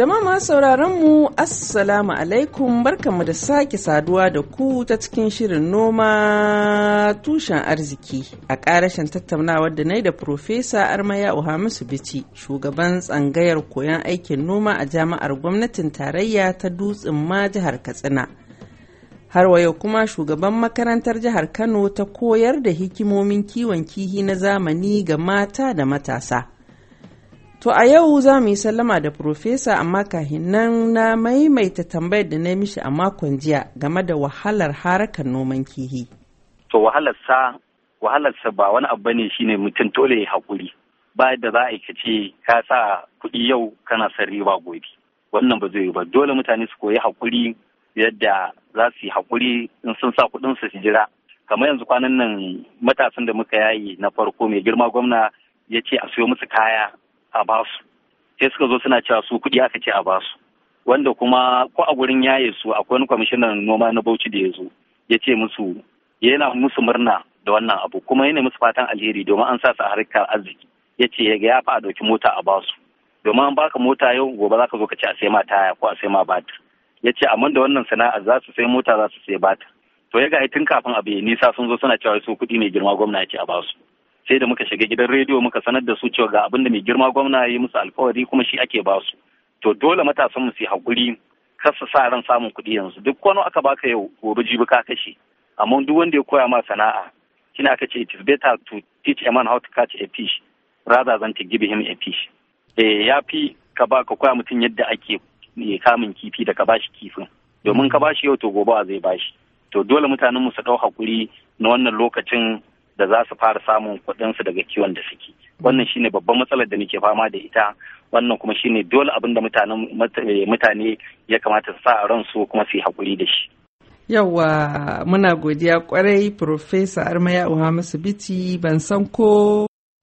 Jama'a masu sauraron mu Assalamu alaikum mu da sake saduwa da ku ta cikin shirin noma tushen arziki a karashin tattaunawar da na da Profesa Armaya Uhamisu Bici shugaban tsangayar koyon aikin noma a jami'ar gwamnatin tarayya ta dutsen ma jihar Katsina. Har wayo yau kuma shugaban makarantar jihar Kano ta koyar da hikimomin kiwon kihi na zamani ga mata da matasa. To a yau za mu yi sallama da Profesa amma kahin nan na maimaita tambayar da na mishi a makon jiya game da wahalar harakan noman kihi. To wahalarsa wahalarsa ba wani abu ne shine mutum tole ya haƙuri. Ba da za a ka ce ka sa kuɗi yau kana son riba gobe. Wannan ba zai yi ba dole mutane su koyi haƙuri yadda za su yi haƙuri in sun sa kuɗin su jira. Kamar yanzu kwanan nan matasan da muka yayi na farko mai girma gwamna ya ce a siyo musu kaya a basu sai suka zo suna cewa su kuɗi aka ce a basu wanda kuma ko a gurin yaye su akwai wani kwamishinan noma na Bauchi da ya zo ya ce musu yana musu murna da wannan abu kuma yana musu fatan alheri domin an sa su a harkar arziki ya ce ya fa a ɗauki mota a basu domin an baka mota yau gobe za ka zo ka ce a sai ma taya ko a sai ma bata ya ce amma da wannan sana'a za su sai mota za su sai bata to ya ga tun kafin abu ya nisa sun zo suna cewa su kuɗi mai girma gwamna ya ce a basu sai da muka shiga gidan rediyo muka sanar da su cewa ga abin da mai girma gwamna ya yi musu alkawari kuma shi ake ba su to dole matasan mu su hakuri kar sa ran samun kuɗi yanzu duk wani aka baka yau gobe jibi ka kashe amma duk wanda ya koya ma sana'a kina aka ce it is better to teach a man how to catch a fish rather than to give him a fish eh ya fi ka ba ka koya mutum yadda ake kamun kifi da ka bashi kifin domin ka ba shi yau to gobe zai shi to dole mutanen mu su ɗau hakuri na wannan lokacin da za su fara samun kuɗinsu daga kiwon da suke wannan shine babban matsalar da nake fama da ita wannan kuma shine dole abin da mutane ya kamata su sa a ransu kuma su yi haƙuri da shi Yawwa muna godiya kwarai Profesa Armaya Uhamisu Biti ban san ko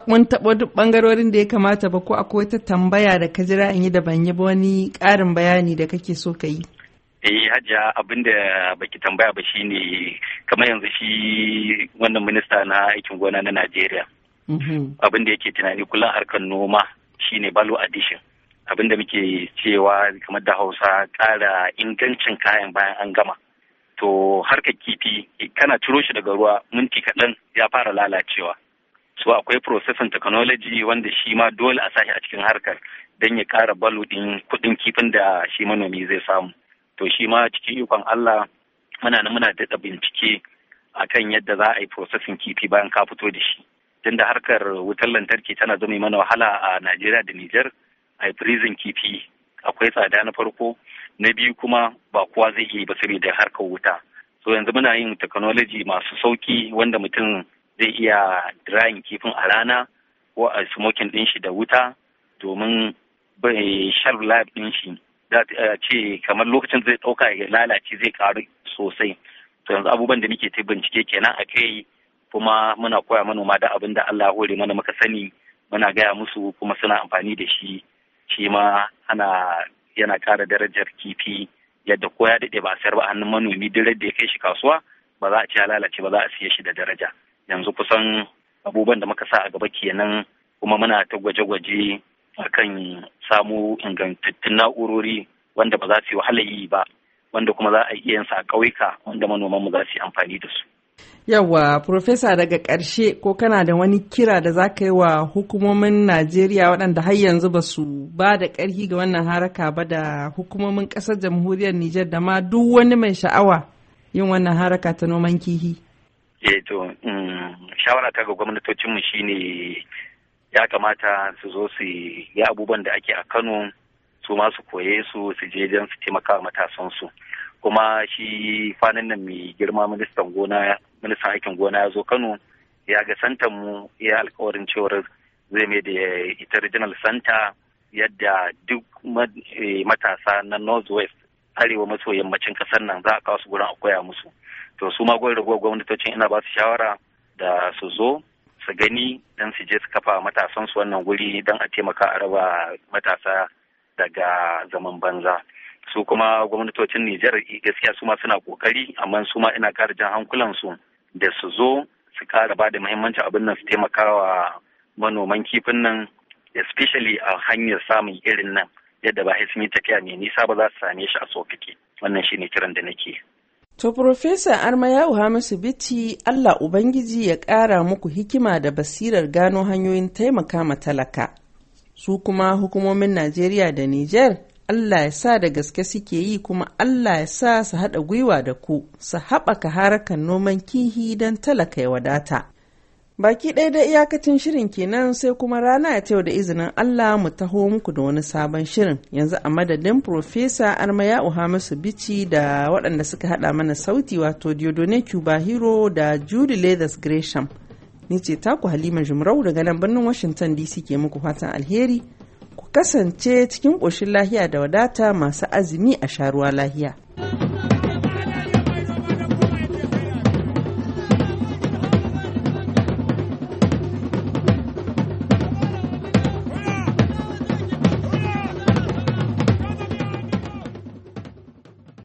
mun taɓa duk ɓangarorin da ya kamata ba ko akwai wata tambaya da ka jira in yi da ban yi ba wani ƙarin bayani da kake so ka yi. eh hajiya abin da baki tambaya ba shine kamar yanzu shi wannan minista na aikin gona na najeriya mm-hmm. abin da yake tunani kullum harkar noma shine balo addition abin da muke cewa kamar da hausa ƙara ingancin kayan bayan an gama to harkar kifi kana ciro shi daga ruwa minti kaɗan ya fara lalacewa so akwai processing technology wanda shi ma dole a sashi a cikin harkar don ya ƙara balo ɗin kuɗin kifin da shi manomi zai samu to shi ma cikin ikon Allah muna nan muna daɗa bincike akan yadda za a yi processing kifi bayan ka fito da shi da harkar wutar lantarki tana zama mana wahala a Najeriya da Nijar a yi firizin kifi akwai tsada na farko na biyu kuma ba kowa zai iya ba saboda harkar wuta so yanzu muna yin technology masu sauki wanda mutum zai iya drying kifin a rana ko a smoking ɗin shi da wuta domin bai shelf life ɗin shi da eh, ce kamar lokacin zai ɗauka ya lalace zai karu sosai to yanzu abubuwan da muke ta bincike kenan a kai kuma muna koya manoma da abin da Allah hore mana muka sani muna gaya musu kuma suna amfani da shi shi ma ana yana kara darajar kifi yadda ko ya daɗe ba sayar ba hannun manomi duk da ya kai shi kasuwa ba za a ci ya lalace ba za a siya shi da daraja yanzu kusan abubuwan da muka sa a gaba kenan kuma muna ta gwaje-gwaje akan samu ingantattun na'urori wanda ba za su yi wahala yi ba wanda kuma za a iya sa a ƙauyuka wanda manoman mu za su yi amfani da su. Yawwa, Profesa daga ƙarshe ko kana da wani kira da za ka yi wa hukumomin Najeriya waɗanda har yanzu ba su ba da ƙarfi ga wannan haraka ba da hukumomin ƙasar jamhuriyar Nijar da ma duk wani mai sha'awa yin wannan haraka ta noman kihi. Eh to, mm, shawara ta ga gwamnatocinmu shine ya kamata su zo su yi abubuwan da ake a kano su ma su koye su su je don su taimaka wa matasansu kuma shi fanin nan mai girma ministan gona ministan aikin gona ya zo kano ya ga santan mu ya alkawarin cewar zai mai da ita regional center yadda duk eh, matasa na north-west. west arewa maso yammacin kasar nan za a kawo su gurin a koya musu to su ma gwamnati gwamnatocin ina ba su shawara da su zo su gani dan su je su kafa matasan su wannan guri dan a taimaka a raba matasa daga zaman banza su kuma gwamnatocin Nijar gaskiya su ma suna kokari amma su ma ina ƙara jan hankulan su da su zo su ƙara ba da muhimmanci abin nan su taimaka wa manoman kifin nan especially a hanyar samun irin nan yadda ba sun yi tafiya mai nisa ba za su same shi a tsofiki wannan shine kiran da nake To, Profesa Armayau Hamisu Biti, Allah Ubangiji ya ƙara muku hikima da basirar gano hanyoyin taimaka ma talaka. Su kuma hukumomin Najeriya da Nijar, Allah ya sa da gaske suke yi kuma Allah ya sa su haɗa gwiwa da ku, su haɓaka harakan noman kihi don talaka ya wadata. Baki ɗaya da iyakacin shirin kenan sai kuma rana ta yau da izinin Allah mu taho muku da wani sabon shirin yanzu a madadin Profesa Armayau Hamisu Bici da waɗanda suka haɗa mana sauti wato Diodone Cuba Hero da Judy Leathers Gresham. Ni ce taku Halima Jumrau daga nan birnin Washington DC ke muku fatan alheri. Ku kasance cikin ƙoshin lahiya da wadata masu azumi a sharuwa lahiya.